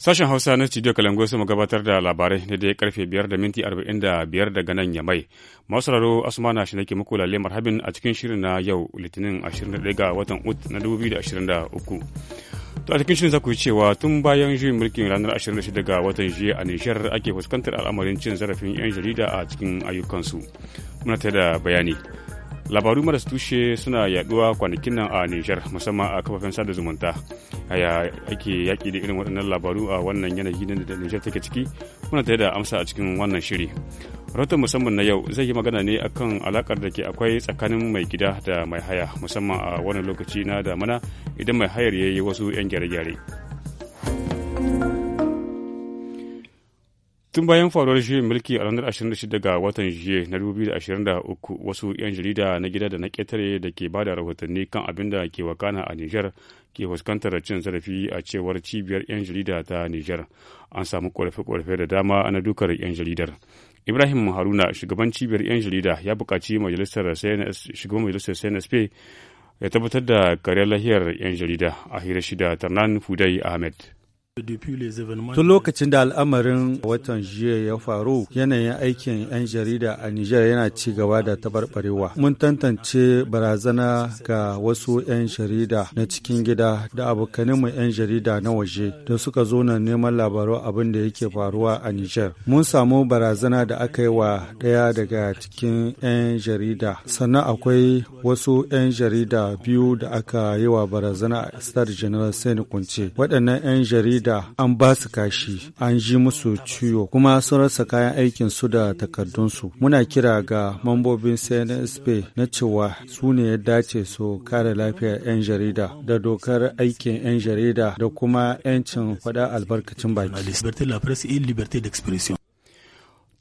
Sashen Hausa na Studio Kalango su gabatar da labarai na dai karfe 5 da minti 45 daga nan ya mai. Masararo Asmana shi nake muku lalle marhabin a cikin shirin na yau Litinin 21 ga watan Ut na 2023. To a cikin shirin za ku yi cewa tun bayan juyin mulkin ranar 26 ga watan jiya a Nijar ake fuskantar al'amarin cin zarafin 'yan jarida a cikin ayyukansu. Muna ta da bayani. labaru maras tushe suna yaduwa kwanakin nan a nijar musamman a kafafen sada zumunta haya ake yaki da irin waɗannan labaru a wannan yanayi da nijar take ciki muna tare da amsa a cikin wannan shiri rahoton musamman na yau zai yi magana ne akan alakar da ke akwai tsakanin mai gida da mai haya musamman a wani lokaci na damana idan mai hayar ya yi wasu 'yan gyare-gyare Tun bayan faruwar juyin mulki a ranar 26 ga watan Juye na 2023 wasu 'yan jarida na gida da na ƙetare da ke ba da rahotanni kan abin da ke wakana a Nijar ke fuskantar cin zarafi a cewar cibiyar 'yan jarida ta Nijar. An samu ƙorafe-ƙorafe da dama na dukar 'yan jaridar. Ibrahim Haruna shugaban cibiyar 'yan jarida ya bukaci majalisar shugaban majalisar CNSP ya tabbatar da kariyar lahiyar 'yan jarida a hira shida Tarnan Fudai Ahmed. Tun lokacin da al'amarin watan jiya ya faru yanayin aikin 'yan jarida a Nijar yana ci gaba da tabarbarewa. Mun tantance barazana ga wasu 'yan jarida na cikin gida da abokaninmu 'yan jarida na waje da suka zo na neman labaru abin da yake faruwa a Nijar. Mun samu barazana da aka yi wa daya daga cikin 'yan jarida. Sannan akwai wasu 'yan jarida biyu da aka yi wa barazana a Star General Sani Kunce. Waɗannan 'yan jarida da an ba su kashi an ji musu ciwo kuma sun rasa kayan aikin su da takardunsu muna kira ga mambobin cnsp na cewa su ne ya dace su kare lafiyar 'yan jarida da dokar aikin 'yan jarida da kuma 'yancin faɗa albarkacin baki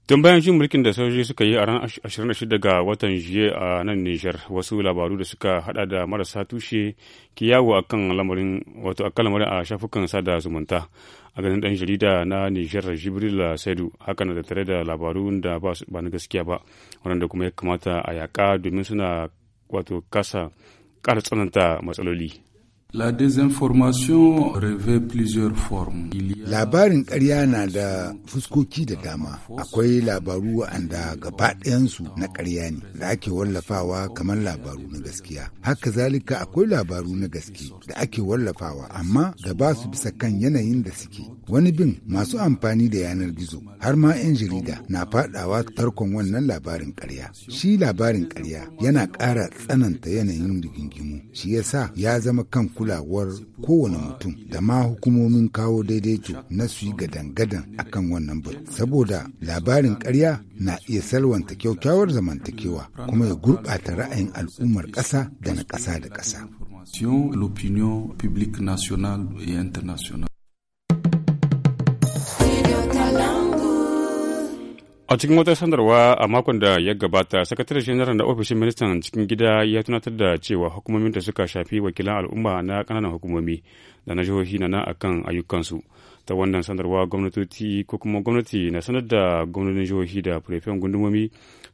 don bayan jin mulkin da sojoji suka yi a ran 26 ga watan jiye a nan Nijar wasu labaru da suka hada da marasa tushe ke yawo a kan lamarin wato a lamarin a shafukan sada zumunta a ganin dan jarida na Nijar Jibril Saidu haka na da tare da labaru da ba na gaskiya ba wanda kuma ya kamata a yaƙa domin suna wato kasa ƙara tsananta matsaloli. La Labarin ƙarya na da fuskoki da dama. Akwai labaru waɗanda gaba ɗayansu na ƙarya ne da ake wallafawa kamar labaru na gaskiya. Haka zalika akwai labaru na gaske da ake wallafawa amma da ba su bisa kan yanayin da suke. Wani bin masu amfani da yanar gizo har ma 'yan jarida na faɗawa tarkon wannan labarin ƙarya. Shi labarin ƙarya yana ƙara tsananta yanayin rigingimu. Shi ya sa ya zama kan kulawar kowane mutum da ma hukumomin kawo daidaito na su yi gadan-gadan akan wannan batu saboda labarin karya na iya salwanta kyaukyawar zamantakewa kuma ya gurɓata ra'ayin al'ummar ƙasa da na ƙasa da ƙasa. L'opinion publique nationale et internationale. A cikin wata sandarwa a makon da ya gabata, sakataren janar da ofishin ministan cikin gida ya tunatar da cewa hukumomin da suka shafi wakilan al'umma na kananan hukumomi da na jihohi na nan akan ayyukansu. Ta wannan sandarwa gwamnatoci ko kuma gwamnati na sanar da gwamnatin jihohi da firfen gundumomi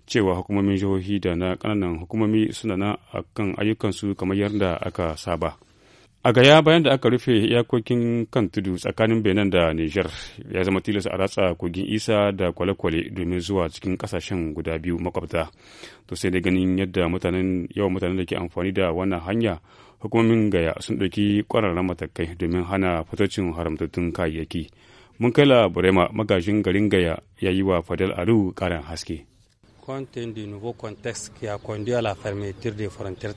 cewa hukumomin jihohi da na kananan hukumomi suna nan akan ayyukansu kamar yadda aka saba. a gaya bayan da aka rufe iyakokin kan tudu tsakanin benin da niger ya zama tilas a ratsa kogin isa da kwale-kwale domin zuwa cikin kasashen guda biyu makwabta to sai da ganin yadda mutanen yawan mutanen da ke amfani da wannan hanya hukumomin gaya sun ɗauki ƙwararren matakai domin hana fitocin haramtattun kayayyaki mun kai la burema magajin garin gaya ya yi wa fadal aru ƙarin haske contexte conduit à la des frontières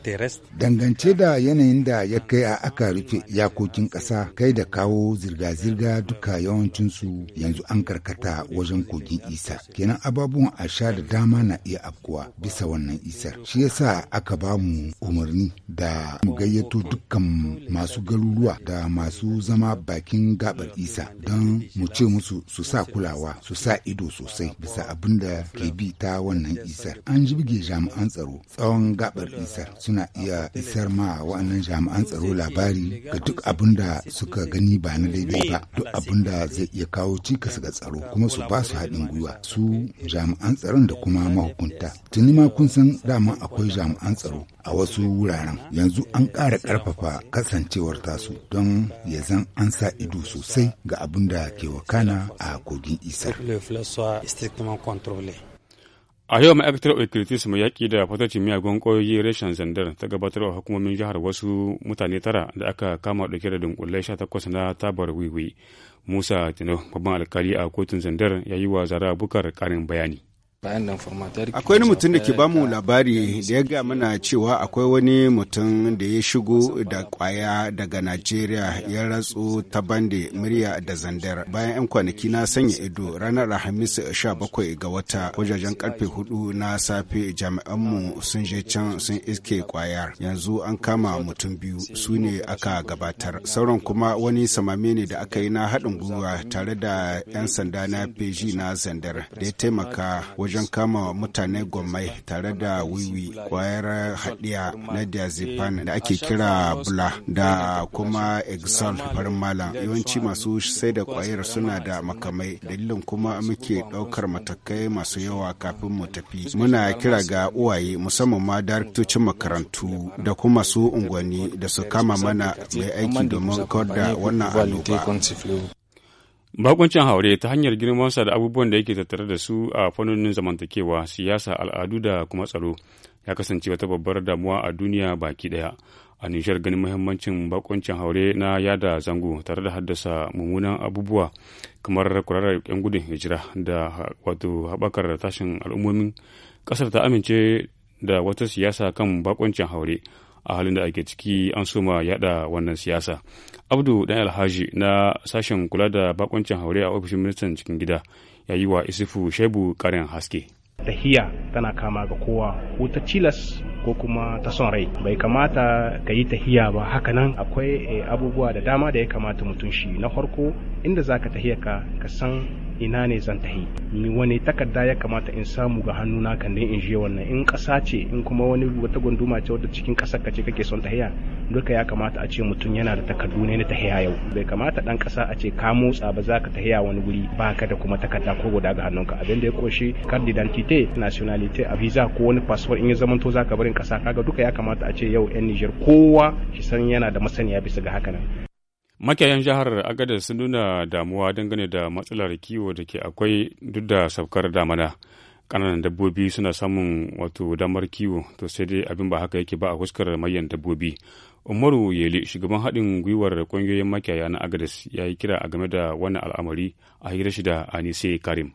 Dangance da yanayin da ya kai a aka rufe iyakokin ƙasa kai da kawo zirga-zirga duka yawancinsu yanzu an karkata wajen kogin isa. Kenan ababuwan a sha da dama na iya afkuwa bisa wannan isar. Shi yasa aka ba mu umarni da mu gayyato dukkan masu garuruwa da masu zama bakin gabar isa don mu ce musu su sa kulawa su sa ido sosai bisa abin da ke bi ta wannan wannan isar an jibge jami'an tsaro tsawon gabar isar suna iya isar ma wa'annan jami'an tsaro labari ga duk abin da suka gani ba na daidai ba duk abin da zai iya kawo cikas ga tsaro kuma su ba su haɗin gwiwa su jami'an tsaron da kuma mahukunta tuni ma kun san dama akwai jami'an tsaro a wasu wuraren yanzu an ƙara ƙarfafa kasancewar tasu don ya zan an sa ido sosai ga abin da ke wakana a kogin isar A yau ma'aikatar Okritis mai yaƙi da fatacin miyagun ƙoyoyi reshen zandar ta gabatar wa hukumomin jihar wasu mutane tara da aka kama ɗauke da dunkulai sha takwas na tabar wiwi. Musa Tino, babban alkali a kotun zandar ya yi wa zara bukar ƙarin bayani. Akwai wani mutum da ke ba mu labari da ya ga mana cewa akwai wani mutum da ya shigo da kwaya daga Najeriya ya ratsu ta bande murya da zandar. Bayan 'yan kwanaki na sanya ido ranar Alhamis 17 ga wata wajajen karfe 4 na safe jami'anmu sun je can sun iske kwayar. Yanzu an kama mutum biyu su ne aka gabatar. Sauran kuma wani samame ne da aka yi na haɗin gwiwa tare da 'yan sanda na peji na zandar da ya taimaka wajen kama mutane gwamai tare da wiwi kwayar haɗiya na diazepam da ake kira bula da kuma exxon farin malam yawanci masu sai da kwayar suna da makamai dalilin kuma muke ɗaukar matakai masu yawa kafin mu tafi muna kira ga uwaye musamman ma daraktocin makarantu da kuma su unguwanni da su kama mana mai aiki domin kawar da wannan annoba Bakuncin haure ta hanyar girmansa da abubuwan da yake tattare da su a fannonin zamantakewa, siyasa, al'adu da kuma tsaro ya kasance wata babbar damuwa a duniya baki daya. A nishar ganin muhimmancin bakuncin haure na yada zango tare da haddasa mummunan abubuwa kamar kurarar 'yan gudun hijira da wato haɓakar tashin al'ummomin ƙasar ta amince da wata siyasa kan bakuncin haure. a halin da ake ciki an soma yada wannan siyasa abdu dan alhaji na sashen kula da bakoncin haure a ofishin ministan cikin gida ya yi wa isufu shebu karin haske tahiya tana kama ga kowa ko ta cilas ko kuma ta son rai bai kamata ka yi tahiya ba hakanan akwai eh, abubuwa da dama da ya kamata mutum shi na farko inda zaka tahiya ka san ina ne zan tahi ni wani takarda ya kamata in samu ga hannuna kan dai in je wannan in kasa ce in kuma wani wata gunduma ce wadda cikin kasar ka ce kake son tahiya duka ya kamata a ce mutum yana da takardu ne na tahiya yau bai kamata dan ƙasa a ce ka motsa ba za ka tahiya wani guri ka da kuma takarda ko guda ga hannunka abin da ya koshi card d'identité nationalité a visa ko wani passport in ya zamanto zaka barin kasa kaga duka ya kamata a ce yau yan Niger kowa shi san yana da masaniya bisa ga haka nan makiyayan jihar agada sun nuna damuwa dangane da matsalar kiwo da ke akwai duk da saukar damana kananan dabbobi suna samun wato damar kiwo to sai dai abin ba haka yake ba a fuskar mayan dabbobi umaru yele shugaban haɗin gwiwar ƙungiyoyin makiyaya na agadas ya yi kira a game da wannan al'amari a hira shi da anise karim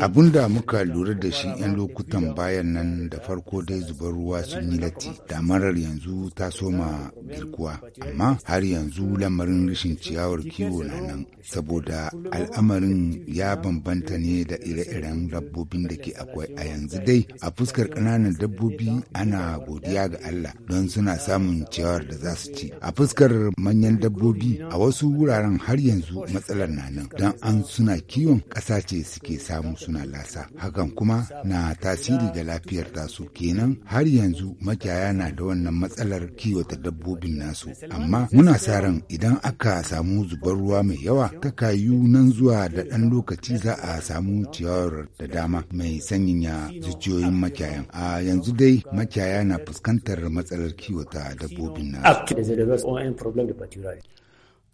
Abunda muka lura da shi 'yan lokutan bayan nan da farko dai zubar ruwa sun yi latti, damarar yanzu ta soma girkuwa, amma har yanzu lamarin rashin ciyawar kiwo na nan, saboda al'amarin ya bambanta ne da ire-iren dabbobin da ke akwai a yanzu dai a fuskar ƙananan dabbobi ana godiya ga Allah don suna samun ciyawar da za su ci. A fuskar manyan dabbobi a wasu wuraren har yanzu matsalar na nan don an suna kiwo kiwon ƙasa ce suke samu suna lasa hakan kuma na tasiri ga lafiyar tasu kenan har yanzu makiyaya na da wannan matsalar kiwata dabbobin nasu amma muna sa ran idan aka samu zubar ruwa mai yawa ta kayu nan zuwa da ɗan lokaci za a samu ciyawar da dama mai sanyaya zuciyoyin makiyayan a yanzu dai makiyaya na fuskantar matsalar kiwata dabbobin nasu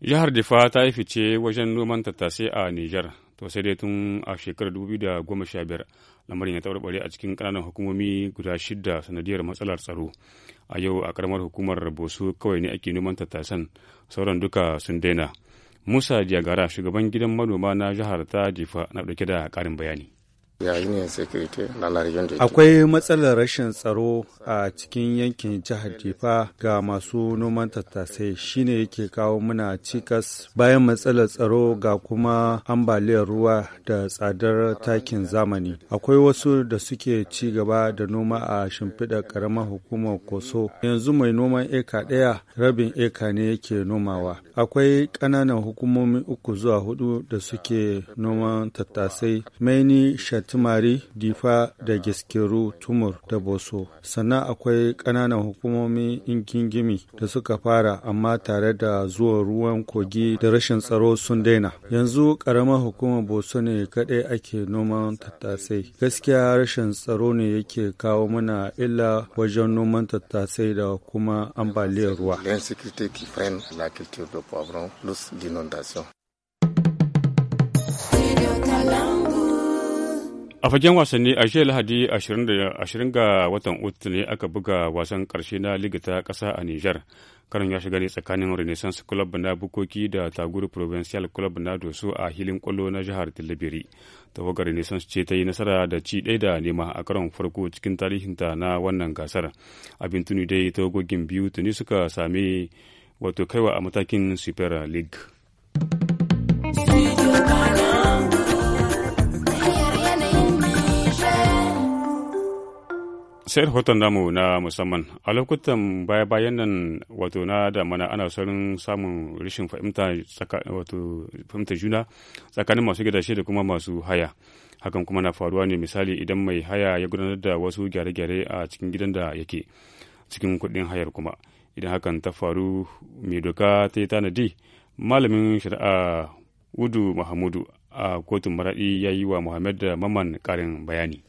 Jihar Difa ta yi fice wajen noman tattasai a Nijar to sai dai tun a shekarar goma sha biyar lamarin ya taɓarɓare a cikin ƙananan hukumomi guda shida sanadiyar matsalar tsaro a yau a ƙaramar hukumar bosu kawai ne ake noman tattasan sauran duka sun daina musa jagara shugaban gidan manoma na jihar ta jifa na ɗauke da ƙarin bayani Akwai matsalar rashin tsaro a cikin yankin jihar Jifa ga masu noman tattasai shine yake kawo muna cikas bayan matsalar tsaro ga kuma ambaliyar ruwa da tsadar takin zamani. Akwai wasu da suke ci gaba da noma a shimfiɗar ƙaramar hukumar Koso. Yanzu mai noman eka ɗaya rabin eka ne yake nomawa. Akwai ƙananan hukumomi uku zuwa hudu da suke noman tattasai. Maini tumari Difa da giskiru Tumur da Boso. Sannan akwai ƙananan hukumomin gingimi da suka fara amma tare da zuwa ruwan kogi da rashin tsaro sun daina. Yanzu ƙaramar hukumar Boso ne kaɗai ake noman tattasai. Gaskiya rashin tsaro ne yake kawo mana illa wajen noman tattasai da kuma ambaliyar ruwa. A fagen wasanni a jiya Lahadi 20 ga watan Ut ne aka buga wasan karshe na Liga kasa a Nijar. Karin ya shiga ne tsakanin Renaissance Club na Bukoki da Taguru Provincial Club na Doso a hilin kwallo na jihar Tilibiri. Tawagar Renaissance ce ta yi nasara da ci ɗaya da nema a karon farko cikin tarihinta na wannan gasar. Abin tuni dai tawagogin biyu tuni suka sami wato kaiwa a matakin Super League. sai rahoton namu na musamman a lokutan baya-bayan nan wato na da mana ana saurin samun rashin fahimta juna tsakanin masu gidashe da kuma masu haya hakan kuma na faruwa ne misali idan mai haya ya gudanar da wasu gyare-gyare a cikin gidan da yake cikin kuɗin hayar kuma idan hakan ta faru mai doka ta yi tanadi malamin shari'a udu mahamudu a kotun maraɗi ya yi wa muhammad da maman ƙarin bayani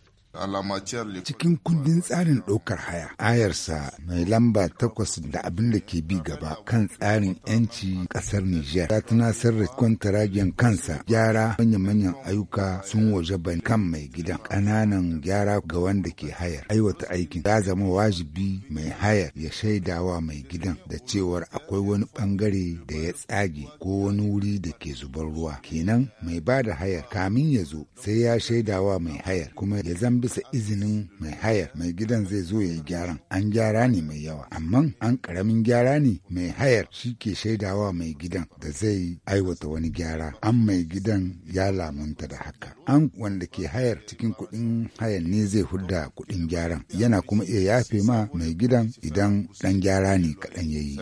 Cikin kundin tsarin ɗaukar haya, ayarsa mai lamba takwas da abin da ke bi gaba kan tsarin 'yanci ƙasar Nijar ta tunasar da kwantaragen kansa gyara manya-manyan ayyuka sun waje ban kan mai gidan ƙananan gyara ga wanda ke hayar aiwata aikin ya zama wajibi mai hayar ya shaidawa mai gidan da cewar akwai wani ɓangare da ya tsage ko wani wuri da ke zubar ruwa kenan mai ba da hayar kamin ya zo sai ya shaidawa mai hayar kuma ya zambi bisa izinin mai hayar mai gidan zai zo ya yi gyaran an gyara ne mai yawa amma an karamin gyara ne mai hayar shi ke shaidawa mai gidan da zai aiwata wani gyara an mai gidan ya lamunta da haka an wanda ke hayar cikin kuɗin hayar ne zai hudda kuɗin gyaran yana kuma iya yafe ma mai gidan idan ɗan gyara ne kaɗan ya yi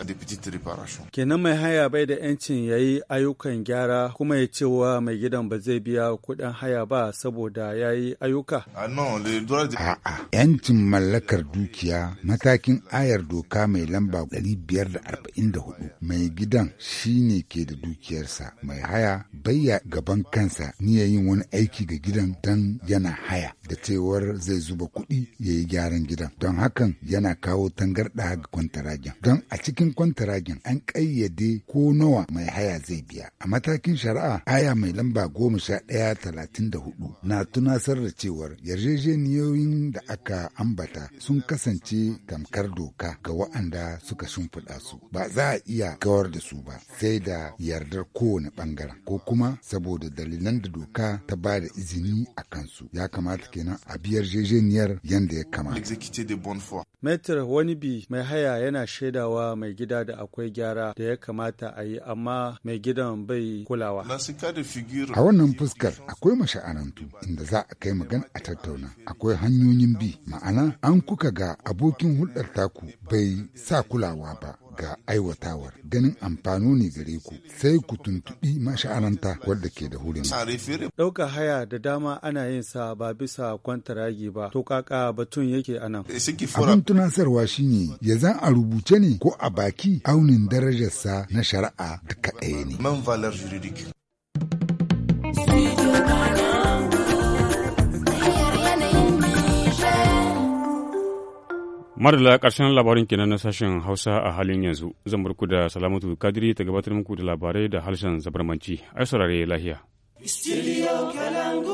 kenan mai haya bai da 'yancin ya yi ayyukan gyara kuma ya cewa mai gidan ba zai biya kuɗin haya ba saboda ya yi ayyuka? Ah no. A'a, ‘yancin mallakar dukiya matakin ayar doka mai lamba 544 mai gidan shine ke da dukiyarsa mai haya bayya gaban kansa niyayin wani aiki ga gidan don yana haya. da cewar zai zuba kuɗi ya yi gyaran gidan don hakan yana kawo tangarɗa ga kwantaragen don a cikin kwantaragen an ƙayyade ko nawa mai haya zai biya a matakin shari'a aya mai lamba goma sha ɗaya talatin da hudu na tunasar da cewar yarjejeniyoyin da aka ambata sun kasance tamkar doka ga wa'anda suka shimfiɗa su ba za a iya kawar da su ba sai da yardar kowane ɓangaren ko kuma saboda dalilan da doka ta ba da izini a kansu ya kamata kenan a biyar jejeniyar yadda ya kamata. Metir wani bi mai haya yana shaidawa mai gida da akwai gyara da ya kamata a yi amma mai gidan bai kulawa. A wannan fuskar akwai masha'anantu inda za a kai magana a tattauna. Akwai hanyoyin bi ma'ana an kuka ga abokin hulɗar taku bai sa kulawa ba ga aiwatawar ganin amfano ne gare ku sai ku tuntuɓi masha'aranta wadda ke da hurin. Ɗaukar haya da dama ana yin sa ba bisa ragi ba to kaka batun yake anan. Abin tunasarwa shine ya zan a rubuce ne ko a baki aunin darajarsa na shari'a duka ɗaya ne. Madalla ƙarshen labarin kenan na sashen Hausa a halin yanzu. Zan barku da Salamatu Kadiri ta gabatar muku da labarai da harshen zabarmanci. Ai saurare lahiya. Studio Kalangu.